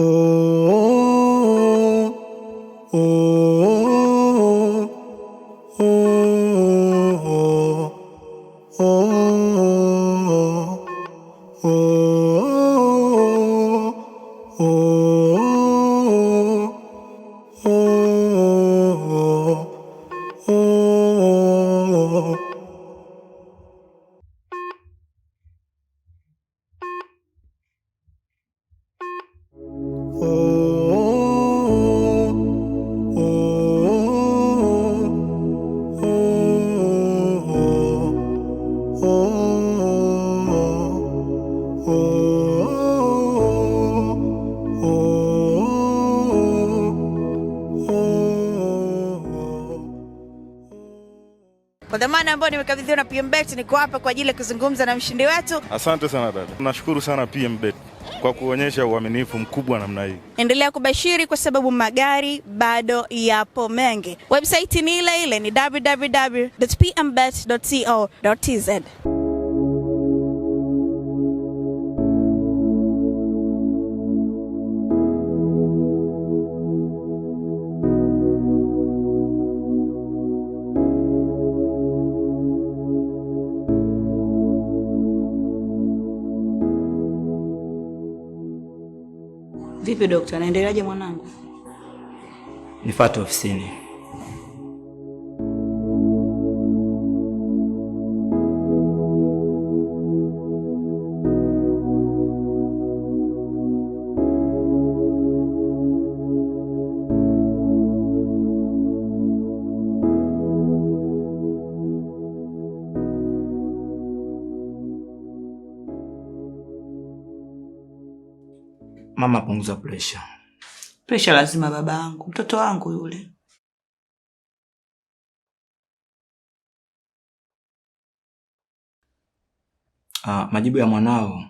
Oh. Kwa dhamana ambayo nimekabidhiwa na PMBet, niko hapa kwa ajili ya kuzungumza na mshindi wetu. Asante sana dada, nashukuru sana PMBet kwa kuonyesha uaminifu mkubwa namna hii. Endelea kubashiri kwa sababu magari bado yapo mengi. Website ni ile ile, ni www.pmbet.co.tz. Vipi dokta, naendeleaje mwanangu? Nifuate ofisini. mama punguza presha. Presha lazima baba yangu, mtoto wangu yule. Ah, majibu ya mwanao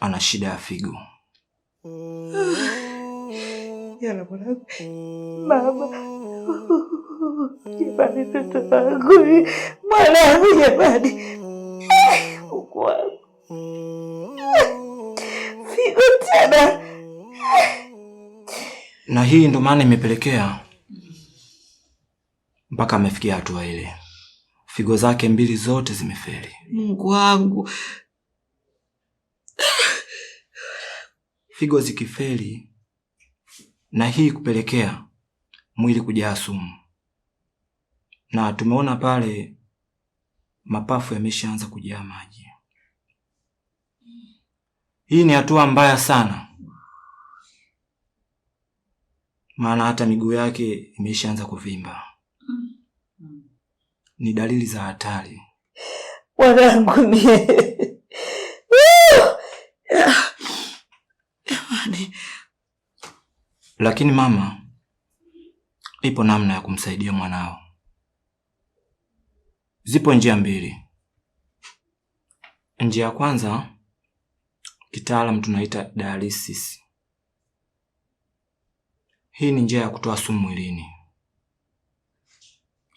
ana shida ya figo. Yala mwanangu. Mama. Jamani mtoto wangu. Mwanangu jamani. baba. na hii ndo maana imepelekea mpaka amefikia hatua ile, figo zake mbili zote zimefeli. Mungu wangu, figo zikifeli, na hii kupelekea mwili kujaa sumu, na tumeona pale mapafu yameshaanza kujaa maji. Hii ni hatua mbaya sana, maana hata miguu yake imeshaanza kuvimba. Ni dalili za hatari wanangu. lakini mama, ipo namna ya kumsaidia mwanao. Zipo njia mbili. Njia ya kwanza kitaalamu tunaita dialysis. Hii ni njia ya kutoa sumu mwilini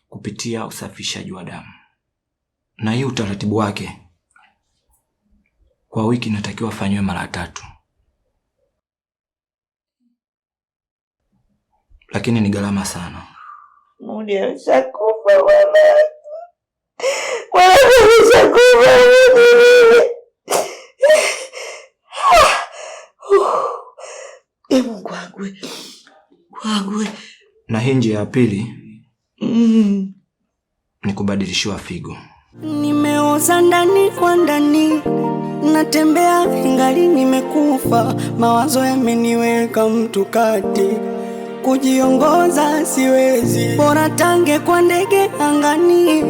kupitia usafishaji wa damu, na hii utaratibu wake kwa wiki inatakiwa afanyiwe mara tatu, lakini ni gharama sana. Muda kwangwe kwangwe, na hii njia ya pili mm, ni kubadilishiwa figo. Nimeoza ndani kwa ndani, natembea ingali nimekufa, mawazo yameniweka mtu kati, kujiongoza siwezi, bora tange kwa ndege angani,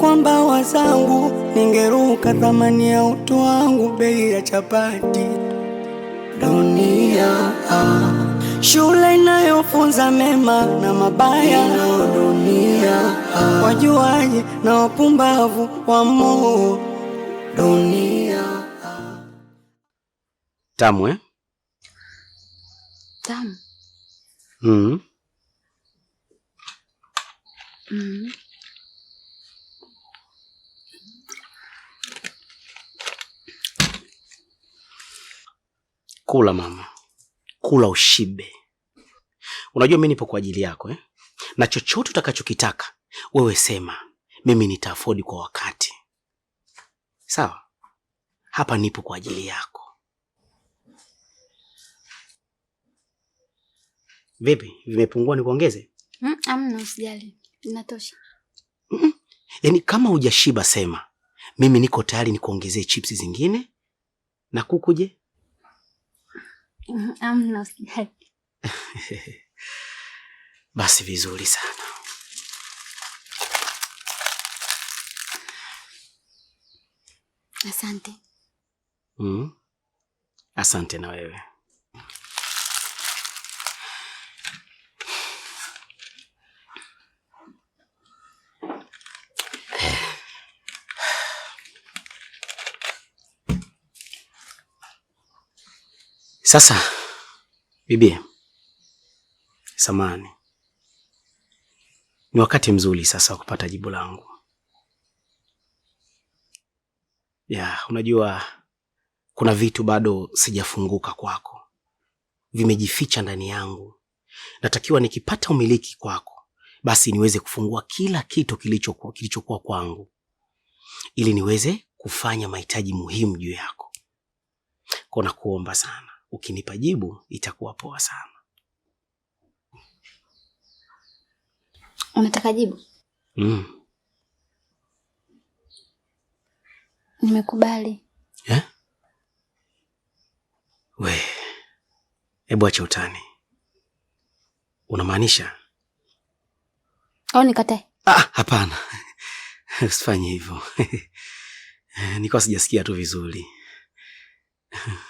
kwamba wazangu ningeruka, thamani ya utu wangu bei ya chapati dunia ah shule inayofunza mema na mabaya, dunia wajuaji na wapumbavu wamo dunia. Tamu eh? Tamu. Mm. Mm. Kula mama kula ushibe. Unajua mimi nipo kwa ajili yako eh? na chochote utakachokitaka wewe sema, mimi nitaafodi kwa wakati. Sawa, hapa nipo kwa ajili yako. Vipi, vimepungua? Nikuongeze? kuongeze? Mm, amna, usijali, inatosha. Mm, yaani kama hujashiba sema, mimi niko tayari nikuongezee chipsi zingine na kukuje Amna, usijali. Basi vizuri sana. Asante. Mm. Asante na wewe. Sasa bibia, samani, ni wakati mzuri sasa wa kupata jibu langu. Ya, unajua kuna vitu bado sijafunguka kwako, vimejificha ndani yangu. Natakiwa nikipata umiliki kwako, basi niweze kufungua kila kitu kilichokuwa kilichokuwa kwangu, ili niweze kufanya mahitaji muhimu juu yako. Kwa nakuomba sana ukinipa jibu itakuwa poa sana. Unataka jibu? Mm. Nimekubali. Eh? We, hebu acha utani. Unamaanisha au nikate? Ah, hapana. Usifanye hivyo. Nilikuwa sijasikia tu vizuri.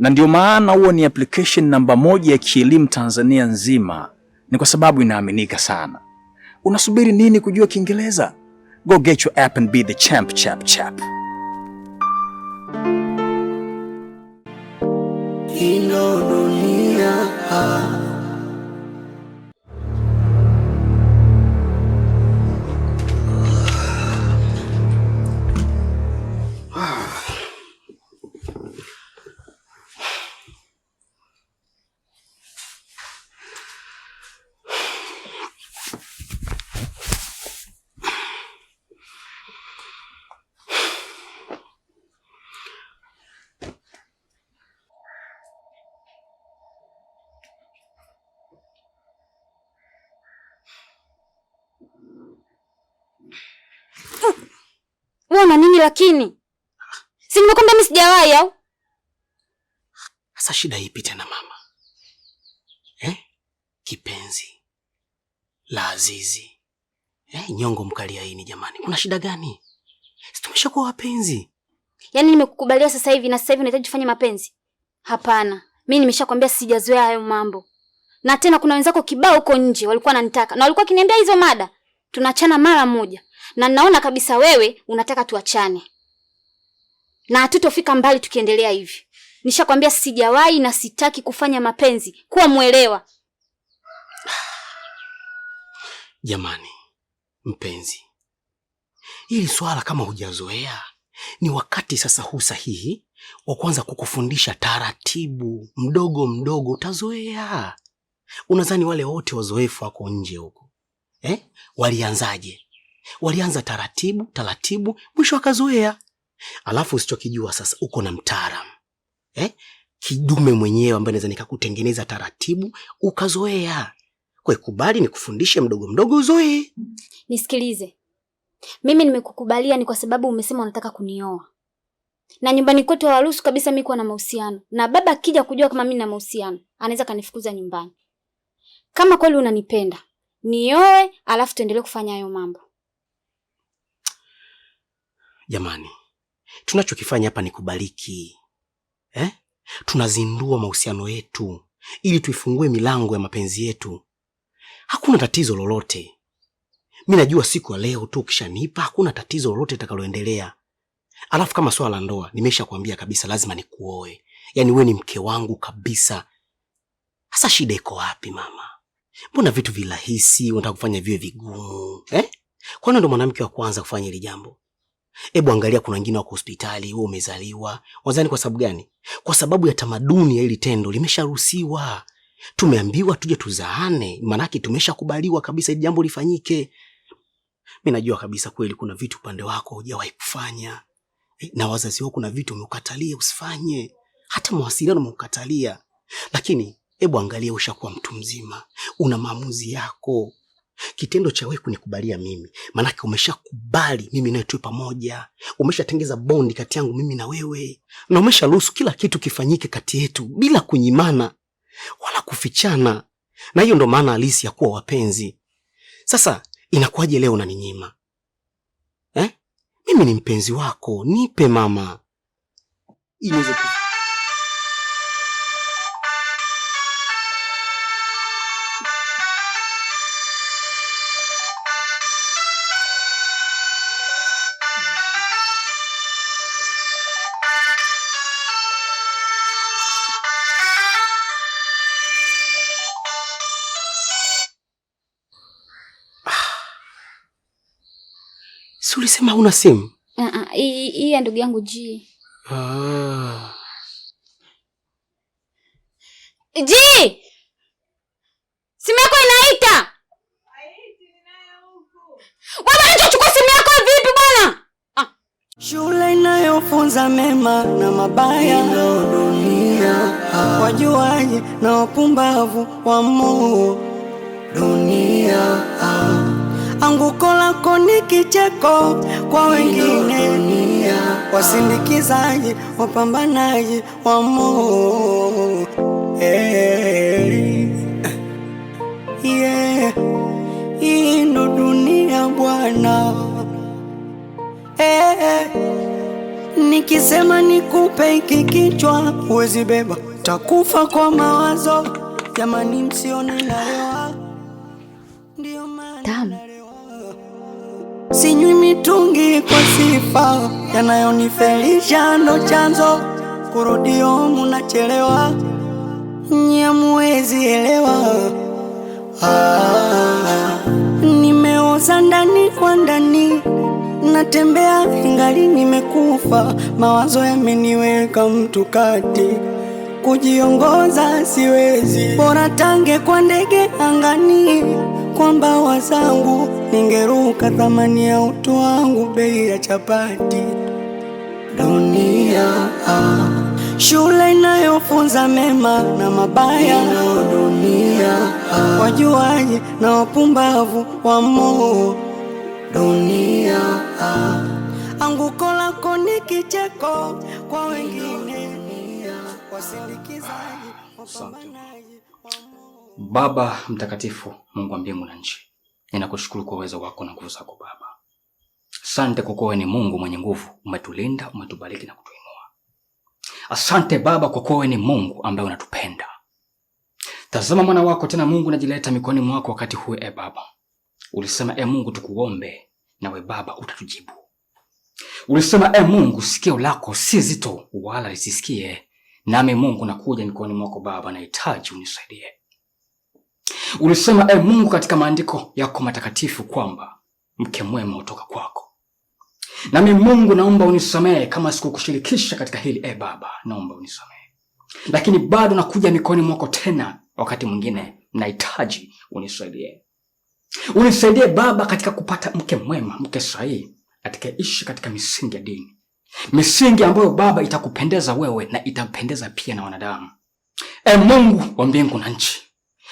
na ndio maana huo ni application namba moja ya kielimu Tanzania nzima, ni kwa sababu inaaminika sana. Unasubiri nini kujua Kiingereza? Go get your app and be the champ chap chap. dunia ah. lakini si nimekwambia mimi sijawahi au? Sasa shida ipi tena mama eh? Kipenzi la Azizi eh, nyongo mkaliaini, jamani, kuna shida gani? Si tumeshakuwa wapenzi? Yaani nimekukubalia sasa hivi na sasa hivi unahitaji kufanya mapenzi? Hapana, mi nimeshakwambia sijazoea hayo mambo, na tena kuna wenzako kibao huko nje walikuwa wananitaka na walikuwa kiniambia hizo mada, tunachana mara moja na naona kabisa wewe unataka tuachane na hatutofika mbali tukiendelea hivi. Nishakwambia sijawahi na sitaki kufanya mapenzi. Kuwa mwelewa jamani. Mpenzi, hili swala kama hujazoea, ni wakati sasa huu sahihi wa kwanza kukufundisha taratibu, mdogo mdogo utazoea. Unadhani wale wote wazoefu wako nje huko eh, walianzaje? Walianza taratibu taratibu, mwisho akazoea. Alafu usichokijua sasa, uko na mtaalam eh? kidume mwenyewe ambaye naweza nikakutengeneza taratibu ukazoea. Kwa ikubali nikufundishe mdogo mdogo uzoee. Nisikilize mimi, nimekukubalia ni kwa sababu umesema unataka kunioa, na nyumbani kwetu hawaruhusu kabisa mi kuwa na mahusiano, na baba akija kujua kama mi na mahusiano anaweza kanifukuza nyumbani. Kama kweli unanipenda nioe, alafu tuendelee kufanya hayo mambo. Jamani, tunachokifanya hapa ni kubariki eh? Tunazindua mahusiano yetu ili tuifungue milango ya mapenzi yetu. Hakuna tatizo lolote. Mi najua siku ya leo tu ukishanipa, hakuna tatizo lolote litakaloendelea. Alafu kama swala la ndoa, nimeshakwambia kabisa, lazima nikuoe, yaani we ni mke wangu kabisa. hasa shida iko wapi mama? Mbona vitu virahisi unataka kufanya viwe vigumu eh? Kwani ndo mwanamke wa kwanza kufanya hili jambo? Hebu angalia, kuna wengine wako hospitali, wewe umezaliwa. Wazani kwa sababu gani? Kwa sababu ya tamaduni ya ili tendo, limesharuhusiwa. Tumeambiwa tuje tuzaane, maanake tumeshakubaliwa kabisa ili jambo lifanyike. Mi najua kabisa kweli kuna vitu upande wako hujawahi kufanya eh, na wazazi wako, kuna vitu umeukatalia usifanye, hata mawasiliano umeukatalia, lakini hebu angalia, ushakuwa mtu mzima, una maamuzi yako Kitendo cha wewe kunikubalia mimi, maanake umeshakubali mimi nawe tuwe pamoja, umeshatengeza bondi kati yangu mimi na wewe, na umesharuhusu kila kitu kifanyike kati yetu bila kunyimana wala kufichana, na hiyo ndo maana halisi ya kuwa wapenzi. Sasa inakuwaje leo unaninyima eh? Mimi ni mpenzi wako, nipe mama, inaweza ulisema una simu? Hii ya ndugu yangu G. Ah. G! Simu yako inaita. Bwana nje chukua simu yako vipi bwana? Ah. Shule inayofunza mema na mabaya dunia. Wajuaji na wapumbavu wa moo dunia anguko lako ni kicheko kwa wengine, wasindikizaji, wapambanaji wa Mungu eh, eh, eh, Hii ndo dunia bwana hey. Nikisema nikupe hiki kichwa uwezi beba, takufa kwa mawazo. Jamani, msione nayoa, ndio maana Sinywi mitungi kwa sifa, yanayonifelisha ndo chanzo, kurudio munachelewa, nye muwezi elewa. Ah, nimeoza ndani kwa ndani, natembea ingali nimekufa, mawazo yameniweka mtu kati kujiongoza siwezi, bora tange kwa ndege angani kwamba wazangu, ningeruka thamani ya utu wangu, bei ya chapati. Dunia ah, shule inayofunza mema na mabaya. Dunia ah, wajuaji na wapumbavu wamo. Dunia ah, anguko lako ni kicheko kwa wengine, wasindikizaji wapambana Baba mtakatifu, Mungu wa mbingu na nchi, ninakushukuru kwa uwezo wako na nguvu zako Baba. Asante kwa kuwa ni Mungu mwenye nguvu, umetulinda, umetubariki na kutuinua. Asante Baba kwa kuwa ni Mungu ambaye unatupenda. Tazama mwana wako tena Mungu najileta mikononi mwako wakati huu, e Baba. Ulisema e Mungu tukuombe, nawe Baba utatujibu. Ulisema e Mungu sikio lako si zito wala lisisikie, nami Mungu nakuja mikononi mwako Baba, nahitaji unisaidie Ulisema e Mungu katika maandiko yako matakatifu kwamba mke mwema hutoka kwako. Nami Mungu naomba unisamehe kama sikukushirikisha katika hili. E Baba, naomba unisamehe, lakini bado nakuja mikononi mwako tena. Wakati mwingine nahitaji unisaidie, unisaidie Baba katika kupata mke mwema, mke sahihi atakayeishi katika misingi ya dini, misingi ambayo Baba itakupendeza wewe na itampendeza pia na wanadamu. E Mungu wa mbingu na nchi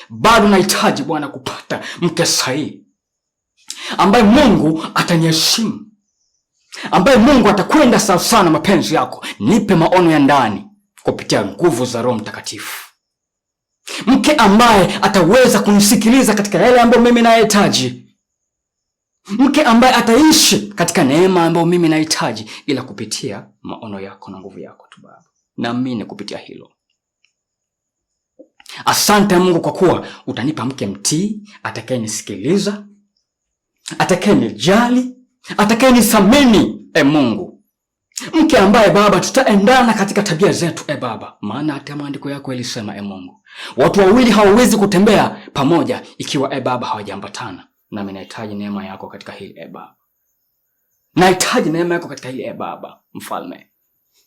bado nahitaji Bwana kupata mke sahihi ambaye Mungu ataniheshimu, ambaye Mungu atakwenda sawa sana mapenzi yako. Nipe maono ya ndani kupitia nguvu za Roho Mtakatifu, mke ambaye ataweza kunisikiliza katika yale ambayo mimi nayahitaji, mke ambaye ataishi katika neema ambayo mimi nahitaji, ila kupitia maono yako na nguvu yako tu Baba. Naamini kupitia hilo Asante Mungu kwa kuwa utanipa mke mtii atakayenisikiliza, atakayenijali, atakayenisamini, e Mungu, mke ambaye Baba tutaendana katika tabia zetu, e Baba, maana hata maandiko yako yalisema, e Mungu, watu wawili hawawezi kutembea pamoja ikiwa, e Baba, hawajaambatana. Nami nahitaji neema yako katika hili, e Baba, nahitaji neema yako katika hili, e Baba mfalme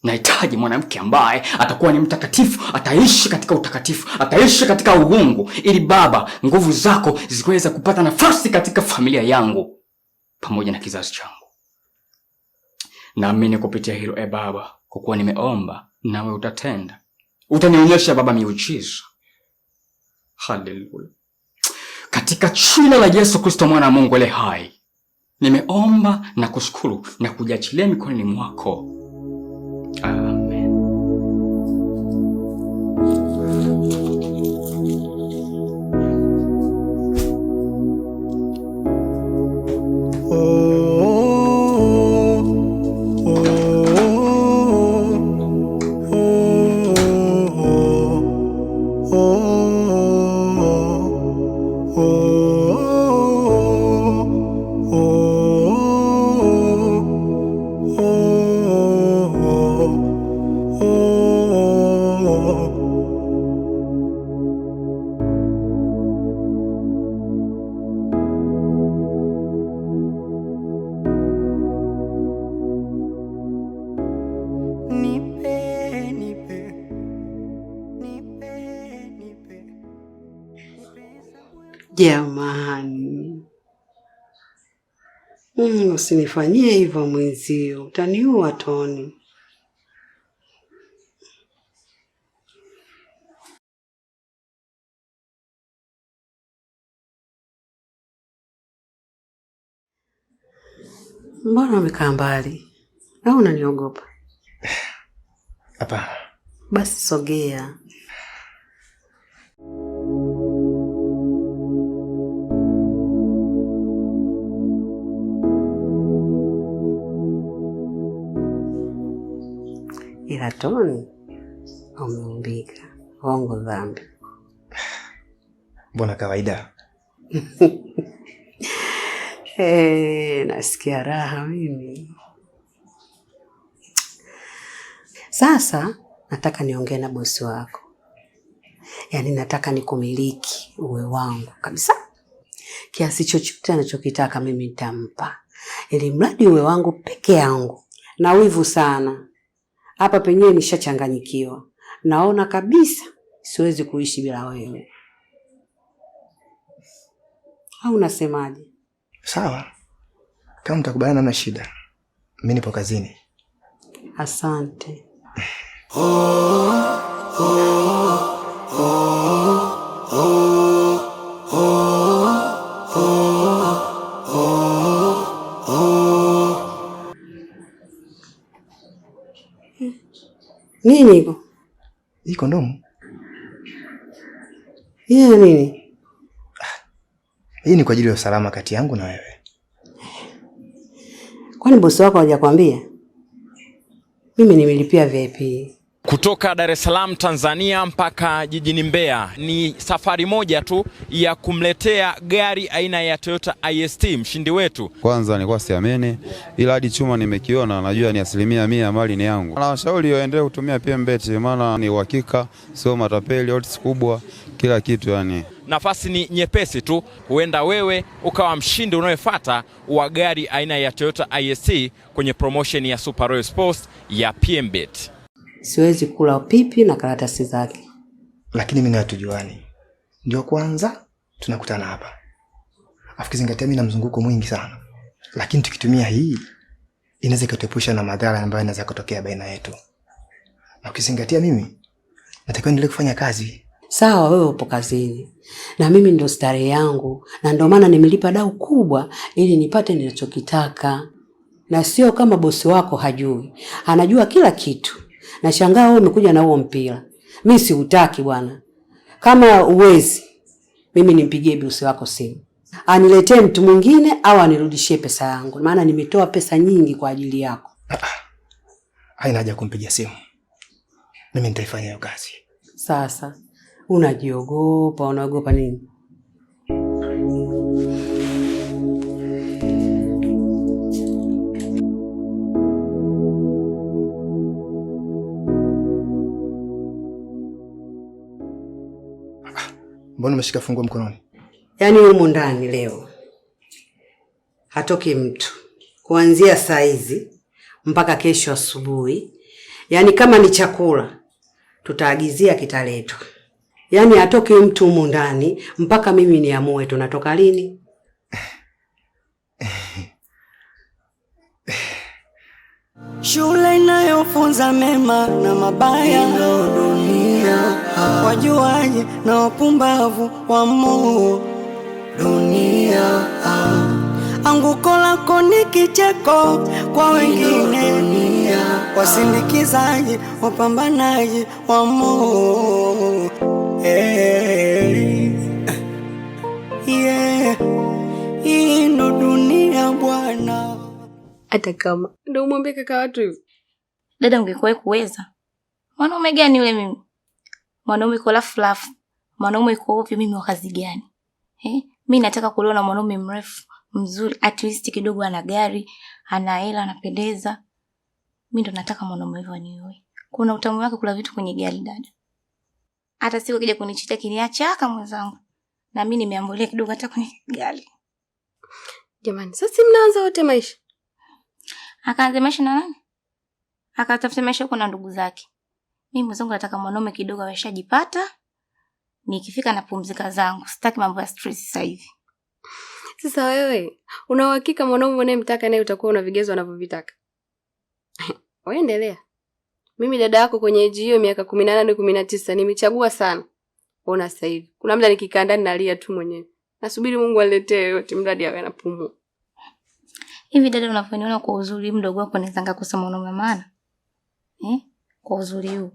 Nahitaji mwanamke ambaye atakuwa ni mtakatifu, ataishi katika utakatifu, ataishi katika uungu, ili Baba, nguvu zako ziweze kupata nafasi katika familia yangu pamoja na kizazi changu. Naamini kupitia hilo, e Baba, kwa kuwa nimeomba, nawe utatenda, utanionyesha Baba miujiza. Haleluya! Katika jina la Yesu Kristo, mwana wa Mungu aliye hai, nimeomba na kushukuru na kujiachilia mikononi mwako. Um, Jamani, mm, usinifanyie hivyo mwenzio, utaniua Toni. Mbona umekaa mbali au unaniogopa? Hapana. Basi sogea, Negatoni umeumbika hongo dhambi, mbona kawaida. Hey, eh, nasikia raha mimi sasa. Nataka niongee na bosi wako, yaani nataka nikumiliki uwe wangu kabisa, kiasi chochote anachokitaka mimi nitampa, ili mradi uwe wangu peke yangu, na wivu sana hapa penyewe nishachanganyikiwa, naona kabisa siwezi kuishi bila wewe, au unasemaje? Sawa, kama mtakubaliana, hamna shida, mimi nipo kazini. Asante. oh, oh, oh, oh. Nini hiko? Hii kondomu hii ya nini? Hii ni kwa ajili ya usalama kati yangu na wewe. Kwani bosi wako hajakwambia? Mimi nimelipia VIP. Kutoka Dar es Salaam Tanzania mpaka jijini Mbeya ni safari moja tu ya kumletea gari aina ya Toyota IST mshindi wetu. Kwanza nilikuwa siamini, ila hadi chuma nimekiona, najua ni asilimia mia mali ni yangu. Nawashauri waendelee kutumia PMBet, maana ni uhakika, sio matapeli, odds kubwa, kila kitu yani nafasi ni nyepesi tu, huenda wewe ukawa mshindi unayefuata wa gari aina ya Toyota IST kwenye promotion ya Super Royal Sports ya PMBet siwezi kula pipi na karatasi zake. Lakini mimi hatujuani, ndio kwanza tunakutana hapa, afu kizingatia mimi na mzunguko mwingi sana, lakini tukitumia hii inaweza ikatuepusha na madhara ambayo inaweza kutokea baina yetu, na ukizingatia mimi natakiwa endelee kufanya kazi. Sawa, wewe upo kazini na mimi ndo starehe yangu, na ndio maana nimelipa dau kubwa ili nipate ninachokitaka, na sio kama bosi wako hajui, anajua kila kitu. Nashangaa wewe umekuja na huo mpira, mi siutaki bwana. Kama uwezi, mimi nimpigie bosi wako simu aniletee mtu mwingine au anirudishie pesa yangu, maana nimetoa pesa nyingi kwa ajili yako. Haina haja kumpigia simu, mimi nitaifanya hiyo kazi. Sasa unajiogopa, unaogopa nini? Mbona umeshika funguo mkononi? Yaani humu ndani leo hatoki mtu kuanzia saa hizi mpaka kesho asubuhi. Yaani kama ni chakula tutaagizia kitaletwa. Yaani hatoki mtu humu ndani mpaka mimi niamue tunatoka lini. Shule inayofunza mema na mabaya ndio dunia dunia, wajuaji na wapumbavu wa Mungu dunia. Anguko lako ni kicheko kwa wengine, wasindikizaji wapambanaji wa Mungu hey. Eh. yeah. Hii ndo dunia bwana. Hata kama ndo umwambie kaka watu hivi, dada, ungekuwahi kuweza mwanaume gani yule? Mimi mwanaume iko lafulafu mwanaume iko ovyo, mimi wa kazi gani eh? Mi nataka kuliwa na mwanaume mrefu mzuri, at least kidogo, ana gari, ana hela, anapendeza. Mi ndo nataka mwanaume hivyo aniwe. Kuna utamu wake kula vitu kwenye gari, dada. Hata siku akija kunichita kiniacha aka mwenzangu, na mi nimeambulia kidogo hata kwenye gari. Jamani, sasa mnaanza wote maisha. Akaanza maisha na nani? Akatafuta maisha huko na ndugu zake. Mimi mwenzangu nataka mwanaume kidogo ameshajipata, nikifika napumzika zangu, sitaki mambo ya stress sasa hivi. Sasa wewe una uhakika mwanaume unayemtaka naye utakuwa una vigezo anavyovitaka? Waendelea. Mimi dada yako kwenye eji hiyo miaka kumi na nane kumi na tisa nimechagua sana. Ona sasa hivi kuna muda nikikaa ndani nalia tu mwenyewe, nasubiri Mungu aletee yote, mradi awe anapumua. Hivi dada, unavyoniona kwa uzuri mdogo wako nawezanga kusema mwanaume maana eh? kwa uzuri huu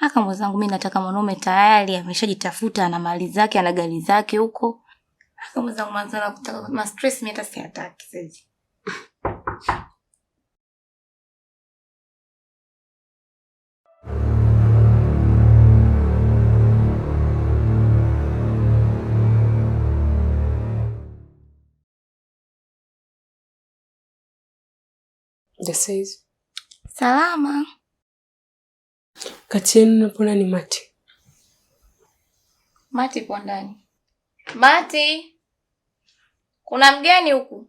Aka mwenzangu, mimi nataka mwanaume tayari ameshajitafuta, ana mali zake, ana gari zake huko. Aka mwenzangu, manzana kutaka kama stress mimi hata siataki sasa. Salama. Katienapona ni Mati. Mati pondani ndani. Mati, kuna mgeni huku?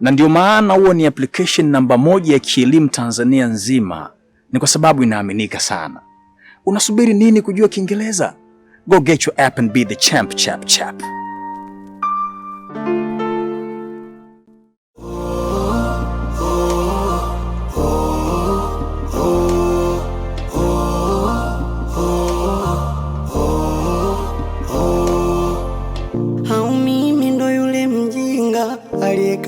na ndio maana huo ni application namba moja ya kielimu Tanzania nzima, ni kwa sababu inaaminika sana. Unasubiri nini kujua Kiingereza? Go get your app and be the champ chap chap.